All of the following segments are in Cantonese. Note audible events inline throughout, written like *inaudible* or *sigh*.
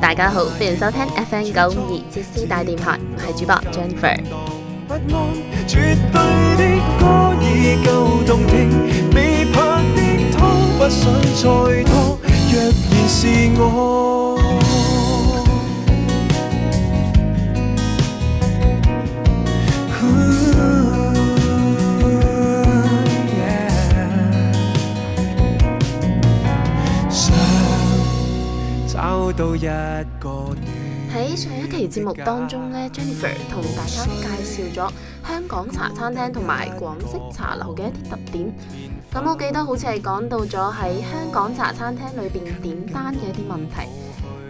大家好，歡迎收聽 FM 九五二爵士大電台，我係主播 Jennifer。喺 *music* 上一期節目當中呢 *music* Jennifer 同大家介紹咗香港茶餐廳同埋廣式茶樓嘅一啲特點。咁我記得好似係講到咗喺香港茶餐廳裏邊點單嘅一啲問題。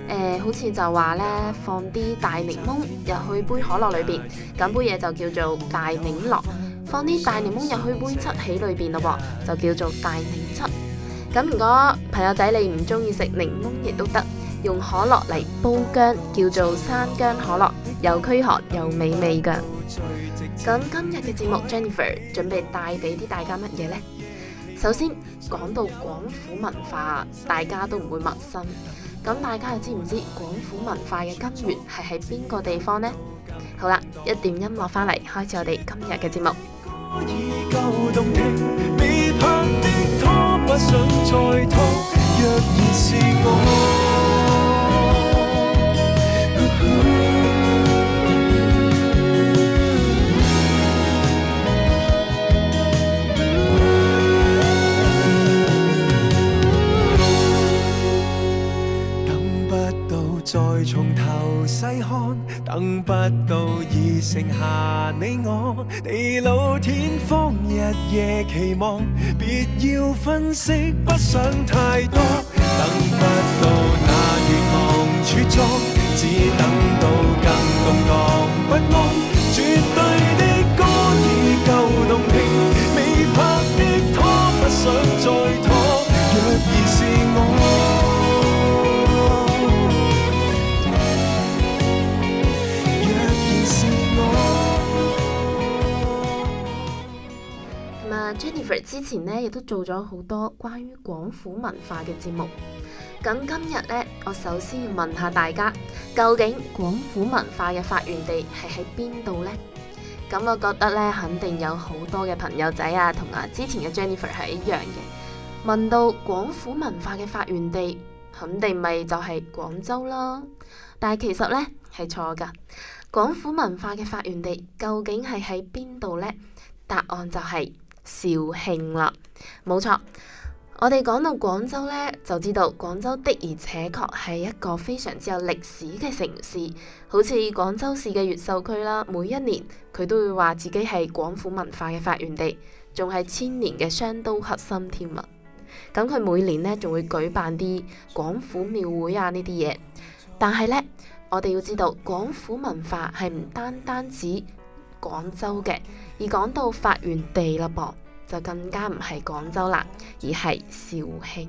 呃，好似就話呢：「放啲大檸檬入去杯可樂裏邊，咁杯嘢就叫做大檸樂；放啲大檸檬入去杯七喜裏邊咯，就叫做大檸七。咁如果朋友仔你唔中意食檸檬，亦都得。用可樂嚟煲薑，叫做山薑可樂，又驅寒又美味噶。咁今日嘅節目 Jennifer 準備帶俾啲大家乜嘢呢？首先講到廣府文化，大家都唔會陌生。咁大家又知唔知廣府文化嘅根源係喺邊個地方呢？好啦，一點音樂翻嚟，開始我哋今日嘅節目。細看，等不到已剩下你我，地老天荒日夜期望，別要分析，不想太多。等不到那絕望處所，只等到更動蕩不安，絕對的歌已夠動。之前呢，亦都做咗好多關於廣府文化嘅節目。咁今日呢，我首先要問下大家，究竟廣府文化嘅發源地係喺邊度呢？咁我覺得呢，肯定有好多嘅朋友仔啊，同啊之前嘅 Jennifer 係一樣嘅，問到廣府文化嘅發源地，肯定咪就係廣州啦。但係其實呢，係錯噶，廣府文化嘅發源地究竟係喺邊度呢？答案就係是。肇慶啦，冇錯。我哋講到廣州呢，就知道廣州的而且確係一個非常之有歷史嘅城市。好似廣州市嘅越秀區啦，每一年佢都會話自己係廣府文化嘅發源地，仲係千年嘅商都核心添啊。咁佢每年呢，仲會舉辦啲廣府廟會啊呢啲嘢。但係呢，我哋要知道廣府文化係唔單單止。廣州嘅。而講到發源地啦噃，就更加唔係廣州啦，而係肇慶。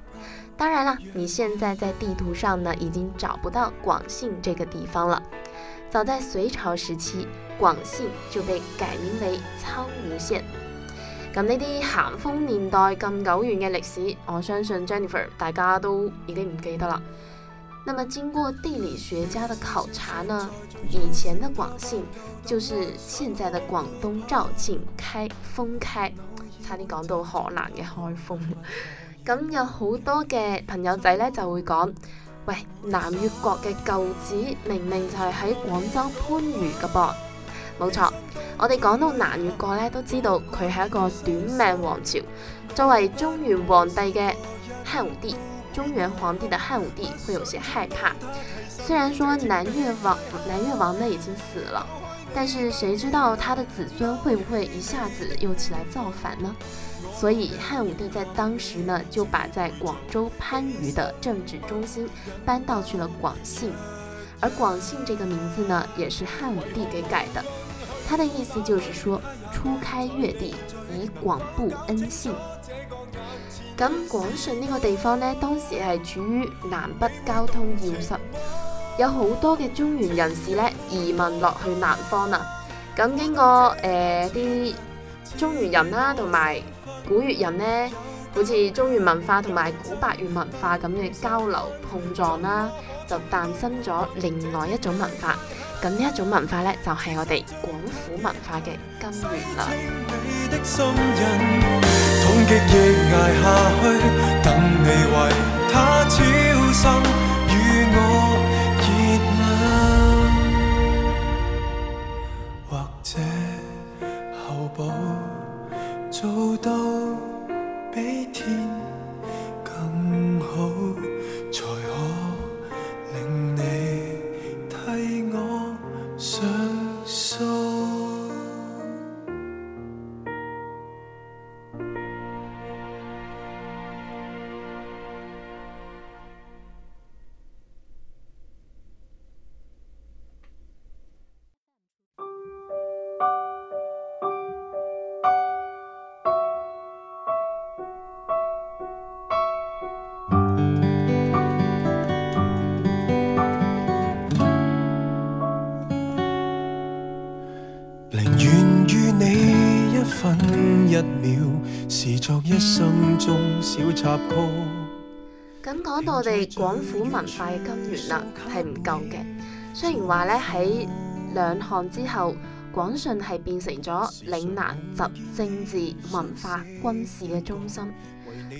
當然啦，你現在在地圖上呢，已經找不到廣信這個地方了。早在隋朝時期，廣信就被改名為蒼梧縣。咁呢啲咸豐年代咁久遠嘅歷史，我相信 Jennifer 大家都已經唔記得啦。那麼經過地理學家嘅考察呢，以前嘅廣信就是現在嘅廣東肇慶開封開，差啲講到河南嘅開封。咁有好多嘅朋友仔咧就會講：喂，南越國嘅舊址明明就係喺廣州番禺㗎噃，冇錯。我哋講到南越國咧，都知道佢係一個短命王朝。作為中原皇帝嘅漢武帝，中原皇帝嘅漢武帝會有些害怕。雖然說南越王，南越王呢已經死了，但是誰知道他的子孫會不會一下子又起來造反呢？所以漢武帝在當時呢，就把在廣州番禺的政治中心搬到去了廣信，而廣信這個名字呢，也是漢武帝給改的。他的意思就是說，初開粵地，以廣布恩信。咁廣信呢個地方呢，當時係處於南北交通要塞，有好多嘅中原人士呢，移民落去南方啦。咁經過誒啲。呃中原人啦，同埋古越人呢，好似中原文化同埋古百越文化咁嘅交流碰撞啦，就誕生咗另外一種文化。咁呢一種文化呢，就係我哋廣府文化嘅根源啦。 *music* 咁講到我哋廣府文化嘅根源啦，係唔夠嘅。雖然話咧，喺兩漢之後，廣信係變成咗嶺南集政治、文化、軍事嘅中心。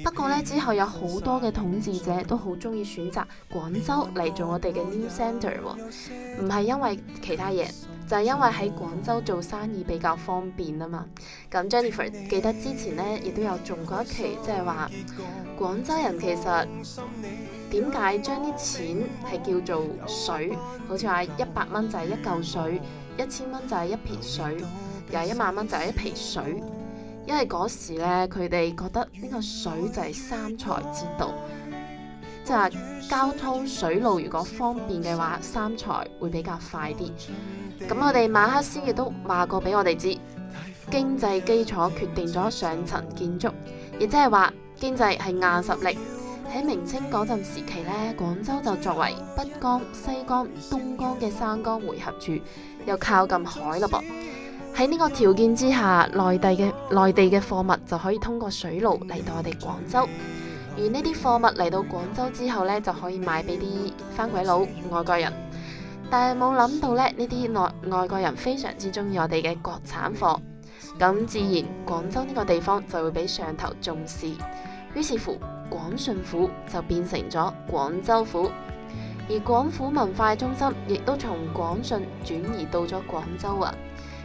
不過咧，之後有好多嘅統治者都好中意選擇廣州嚟做我哋嘅 new center，唔、哦、係因為其他嘢，就係、是、因為喺廣州做生意比較方便啊嘛。咁 Jennifer 記得之前咧，亦都有做過一期，即係話廣州人其實點解將啲錢係叫做水，好似話一百蚊就係一嚿水，一千蚊就係一撇水，又係一萬蚊就係一皮水。因為嗰時咧，佢哋覺得呢個水就係生財之道，即係交通水路如果方便嘅話，生財會比較快啲。咁我哋馬克思亦都話過俾我哋知，經濟基礎決定咗上層建築，亦即係話經濟係硬實力。喺明清嗰陣時期咧，廣州就作為北江、西江、東江嘅三江匯合處，又靠近海嘞噃。喺呢個條件之下，內地嘅內地嘅貨物就可以通過水路嚟到我哋廣州。而呢啲貨物嚟到廣州之後呢，就可以賣俾啲番鬼佬外國人。但係冇諗到咧，呢啲外外國人非常之中意我哋嘅國產貨，咁自然廣州呢個地方就會俾上頭重視。於是乎，廣信府就變成咗廣州府，而廣府文化中心亦都從廣信轉移到咗廣州啊！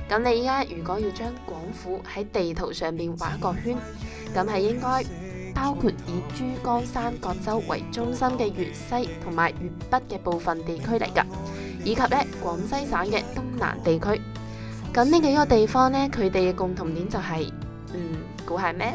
咁你依家如果要將廣府喺地圖上面畫一個圈，咁係應該包括以珠江三角洲為中心嘅粵西同埋粵北嘅部分地區嚟噶，以及呢廣西省嘅東南地區。咁呢幾個地方呢，佢哋嘅共同點就係，嗯，估係咩？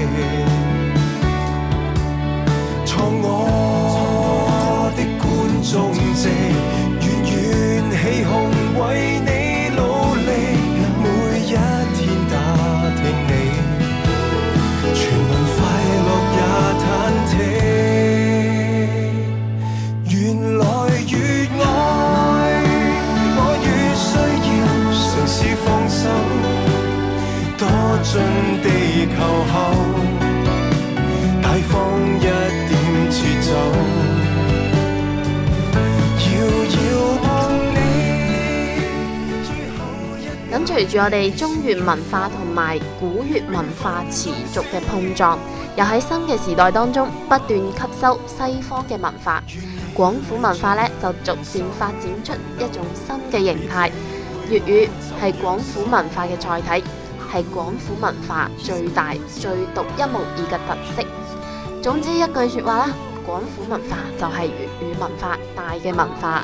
跟隨住我哋中原文化同埋古越文化持續嘅碰撞，又喺新嘅時代當中不斷吸收西方嘅文化，廣府文化呢，就逐漸發展出一種新嘅形態。粵語係廣府文化嘅載體，係廣府文化最大、最獨一無二嘅特色。總之一句說話啦，廣府文化就係粵語文化大嘅文化。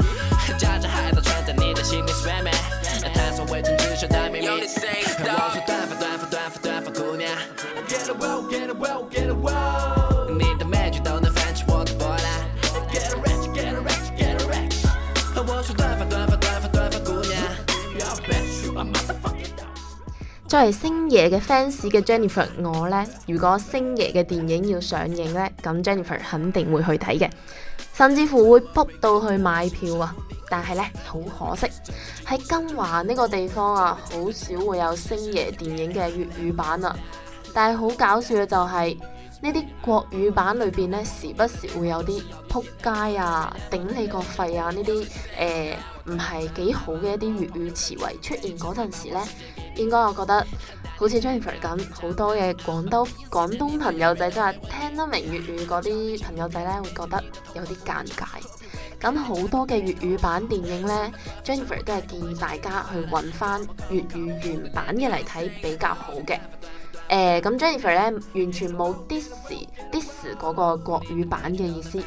作為星爺嘅 fans 嘅 Jennifer，我呢，如果星爺嘅電影要上映呢，咁 Jennifer 肯定會去睇嘅，甚至乎會撲到去買票啊！但係呢，好可惜，喺金華呢個地方啊，好少會有星爺電影嘅粵語版啊。但係好搞笑嘅就係呢啲國語版裏邊咧，時不時會有啲撲街啊、頂你個肺啊呢啲，誒唔係幾好嘅一啲粵語詞彙出現嗰陣時咧，應該我覺得好似 Jennifer 咁，好多嘅廣東廣東朋友仔即係、就是、聽得明粵語嗰啲朋友仔咧，會覺得有啲尷尬。咁好多嘅粵語版電影咧，Jennifer 都係建議大家去揾翻粵語原版嘅嚟睇比較好嘅。誒咁、呃、Jennifer 咧完全冇 dis dis 嗰個國語版嘅意思，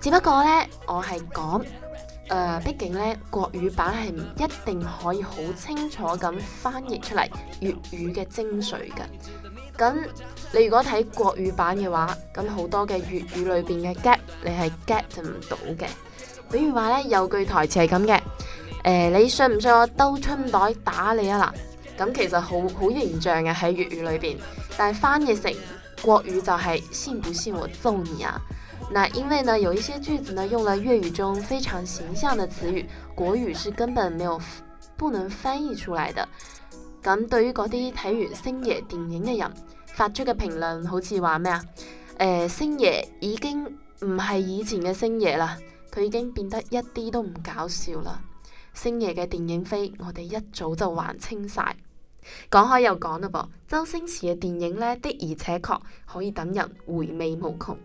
只不過咧我係講誒，畢竟咧國語版係唔一定可以好清楚咁翻譯出嚟粵語嘅精髓㗎。咁你如果睇國語版嘅話，咁好多嘅粵語裏邊嘅 get 你係 get 唔到嘅。比如話咧有句台詞係咁嘅，誒、呃、你信唔信我兜春袋打你啊嗱？咁其實好好形象嘅、啊、喺粵語裏邊，但係翻譯成國語就係、是、信不信我揍你啊？嗱，因為呢有一些句子呢用了粵語中非常形象的詞語，國語是根本沒有不能翻譯出來的。咁對於嗰啲睇完星爺電影嘅人發出嘅評論好，好似話咩啊？誒，星爺已經唔係以前嘅星爺啦，佢已經變得一啲都唔搞笑啦。星爺嘅電影飛，我哋一早就還清晒。講開又講嘞噃，周星馳嘅電影呢的而且確可以等人回味無窮。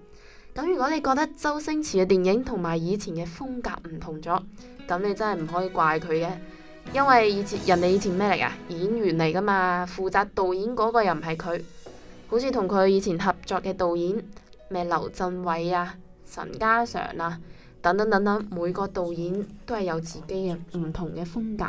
咁如果你覺得周星馳嘅電影同埋以前嘅風格唔同咗，咁你真係唔可以怪佢嘅，因為以前人哋以前咩嚟噶？演員嚟噶嘛，負責導演嗰個又唔係佢，好似同佢以前合作嘅導演咩劉鎮偉啊、陳嘉上啊，等等等等，每個導演都係有自己嘅唔同嘅風格。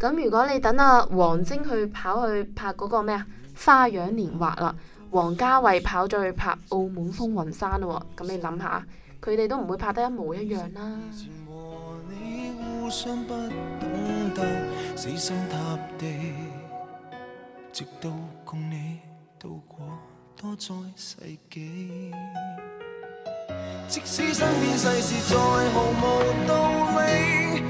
咁如果你等阿、啊、王晶去跑去拍嗰個咩啊花樣年華啦，王家衛跑咗去拍澳門風雲三啦，咁你諗下，佢哋都唔會拍得一模一樣啦，啊。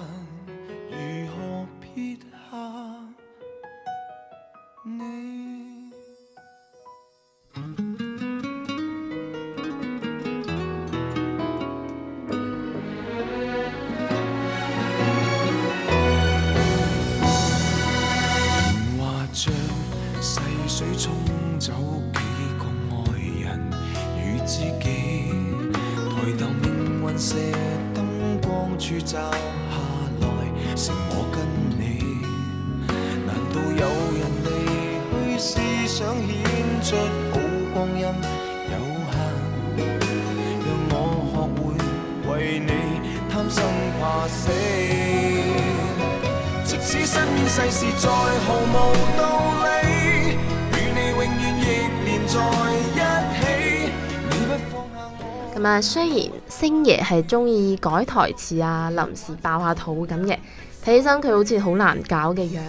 唔係，雖然星爺係中意改台詞啊，臨時爆下肚咁嘅，睇起身佢好似好難搞嘅樣，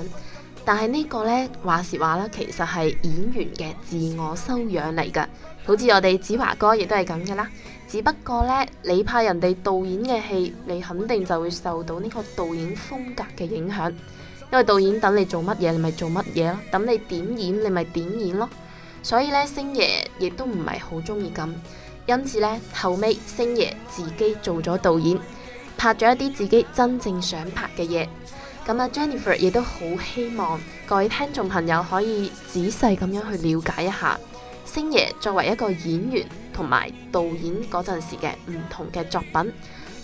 但係呢個呢話時話啦，其實係演員嘅自我修養嚟噶，好似我哋子華哥亦都係咁嘅啦。只不過呢，你拍人哋導演嘅戲，你肯定就會受到呢個導演風格嘅影響，因為導演等你做乜嘢，你咪做乜嘢咯；等你點演，你咪點演咯。所以呢，星爺亦都唔係好中意咁。因此咧，後尾星爺自己做咗導演，拍咗一啲自己真正想拍嘅嘢。咁啊，Jennifer 亦都好希望各位聽眾朋友可以仔細咁樣去了解一下星爺作為一個演員同埋導演嗰陣時嘅唔同嘅作品，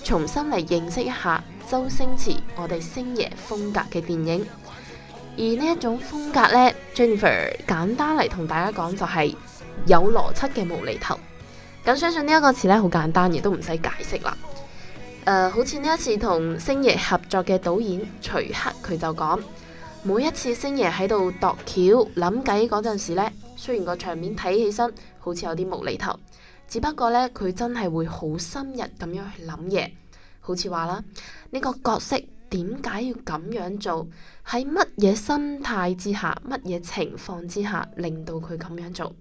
重新嚟認識一下周星馳我哋星爺風格嘅電影。而呢一種風格呢，Jennifer 簡單嚟同大家講，就係有邏輯嘅無厘頭。咁相信詞呢一個詞咧，好簡單，亦都唔使解釋啦。誒、呃，好似呢一次同星爺合作嘅導演徐克，佢就講，每一次星爺喺度度橋諗計嗰陣時咧，雖然個場面睇起身好似有啲無厘頭，只不過咧佢真係會好深入咁樣去諗嘢。好似話啦，呢、這個角色點解要咁樣做？喺乜嘢心態之下，乜嘢情況之下，令到佢咁樣做？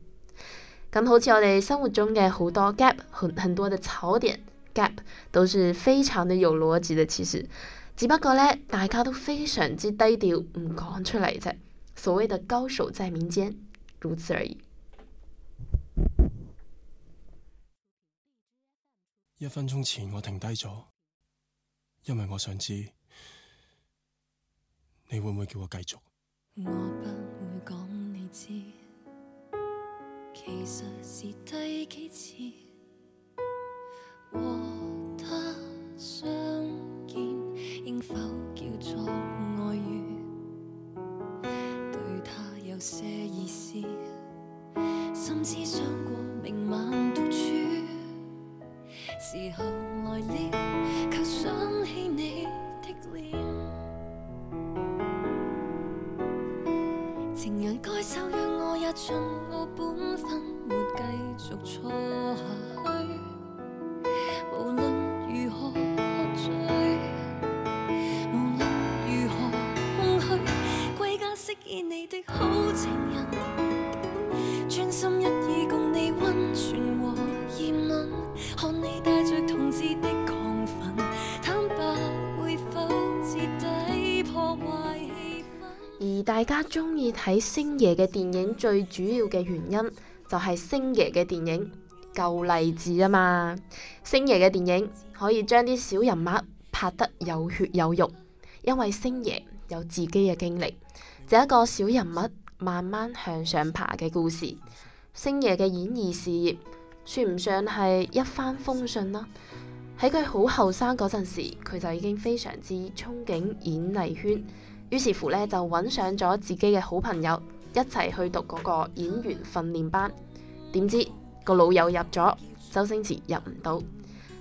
咁好似我哋生活中嘅好多 gap，很多嘅槽點 gap，都是非常的有邏輯的。其實只不過咧，大家都非常之低調，唔講出嚟啫。所謂的高手在民間，如此而已。一分鐘前我停低咗，因為我想知你會唔會叫我繼續。我不會講你知。其實是第幾次和他相見，應否叫做愛戀？對他有些意思，甚至想過明晚獨處時候來臨。盡我本分，沒繼續錯下。大家中意睇星爺嘅電影最主要嘅原因就係星爺嘅電影夠勵志啊嘛！星爺嘅電影可以將啲小人物拍得有血有肉，因為星爺有自己嘅經歷，就一個小人物慢慢向上爬嘅故事。星爺嘅演藝事業算唔上係一帆風順啦，喺佢好後生嗰陣時，佢就已經非常之憧憬演藝圈。於是乎咧，就搵上咗自己嘅好朋友，一齊去讀嗰個演員訓練班。點知個老友入咗，周星馳入唔到。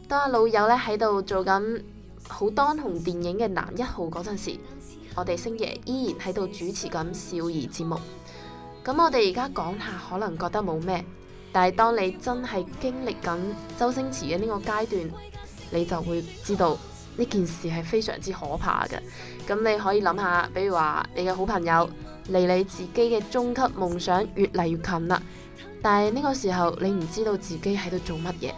當阿老友咧喺度做緊好當紅電影嘅男一號嗰陣時，我哋星爺依然喺度主持緊少兒節目。咁我哋而家講下，可能覺得冇咩，但係當你真係經歷緊周星馳嘅呢個階段，你就會知道。呢件事係非常之可怕嘅。咁你可以諗下，比如話你嘅好朋友離你自己嘅終極夢想越嚟越近啦，但係呢個時候你唔知道自己喺度做乜嘢，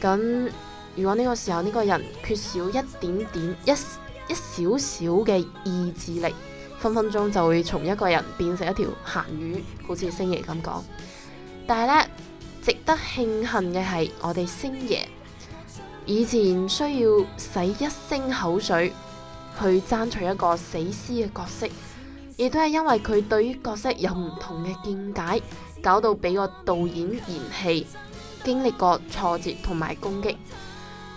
咁如果呢個時候呢個人缺少一點點一一少少嘅意志力，分分鐘就會從一個人變成一條鹹魚，好似星爺咁講。但係呢，值得慶幸嘅係我哋星爺。以前需要洗一聲口水去爭取一個死屍嘅角色，亦都係因為佢對於角色有唔同嘅見解，搞到俾個導演嫌棄，經歷過挫折同埋攻擊。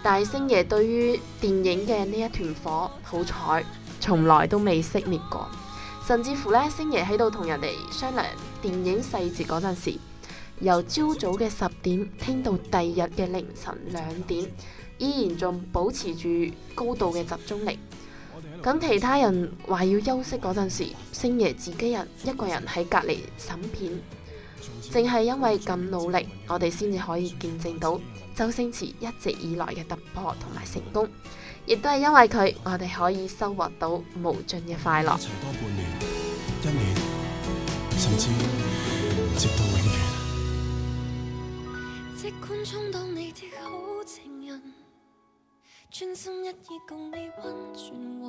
但星爺對於電影嘅呢一團火，好彩從來都未熄滅過，甚至乎咧，星爺喺度同人哋商量電影細節嗰陣時，由朝早嘅十點聽到第二日嘅凌晨兩點，依然仲保持住高度嘅集中力。咁其他人話要休息嗰陣時，星爺自己人一個人喺隔離審片，正係因為咁努力，我哋先至可以見證到周星馳一直以來嘅突破同埋成功，亦都係因為佢，我哋可以收穫到無盡嘅快樂。 *music* 專心一意共你溫存和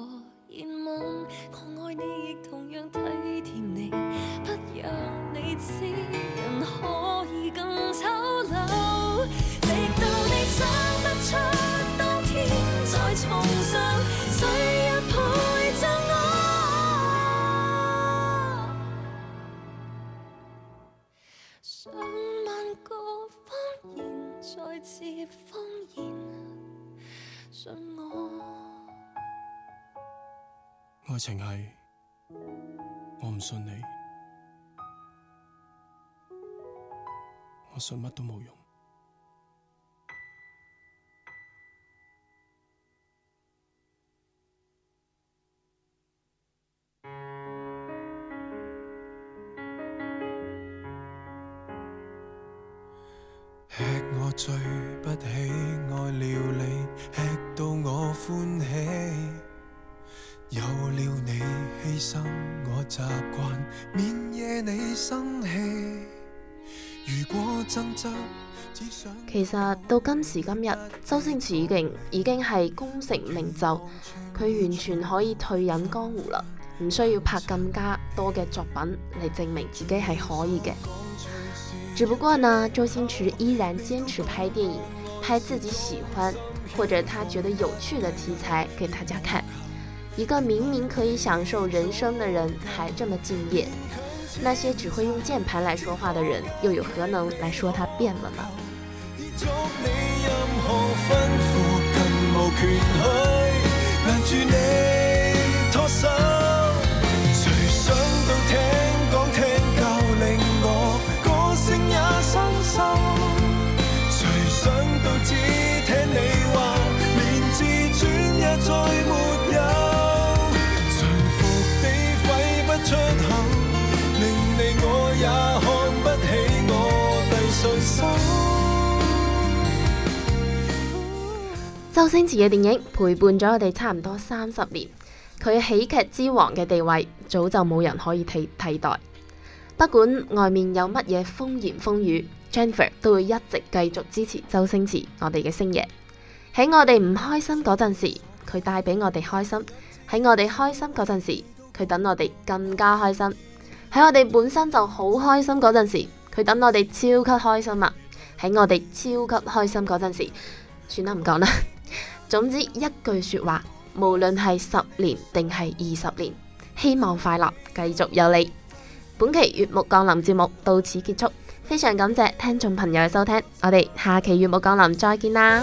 熱吻，我愛你亦同樣體貼你，不讓你知，人可以更醜陋。直到你想得出，當天在牀上，誰人陪着我？上萬個謊言，再接謊言。愛情係，我唔信你，我信乜都冇用。到今時今日，周星馳已經已經係功成名就，佢完全可以退隱江湖啦，唔需要拍更加多嘅作品嚟證明自己係可以嘅。只不過呢，周星馳依然堅持拍電影，拍自己喜歡或者他覺得有趣的題材給大家看。一個明明可以享受人生嘅人，還這麼敬業，那些只會用鍵盤來說話嘅人，又有何能來說他變了呢？滿足你任何吩咐，更無權去攔住你。 *music* 周星馳嘅電影陪伴咗我哋差唔多三十年，佢喜劇之王嘅地位早就冇人可以替替代。不管外面有乜嘢風言風語 *music* ，Jennifer 都會一直繼續支持周星馳， *music* 我哋嘅星爺。喺我哋唔開心嗰陣時，佢帶俾我哋開心；喺我哋開心嗰陣時，佢等我哋更加開心；喺我哋本身就好開心嗰陣時，佢等我哋超級開心啊！喺我哋超級開心嗰陣時，算啦，唔講啦。總之一句說話，無論係十年定係二十年，希望快樂繼續有你。本期月目降臨節目到此結束，非常感謝聽眾朋友嘅收聽，我哋下期月目降臨再見啦！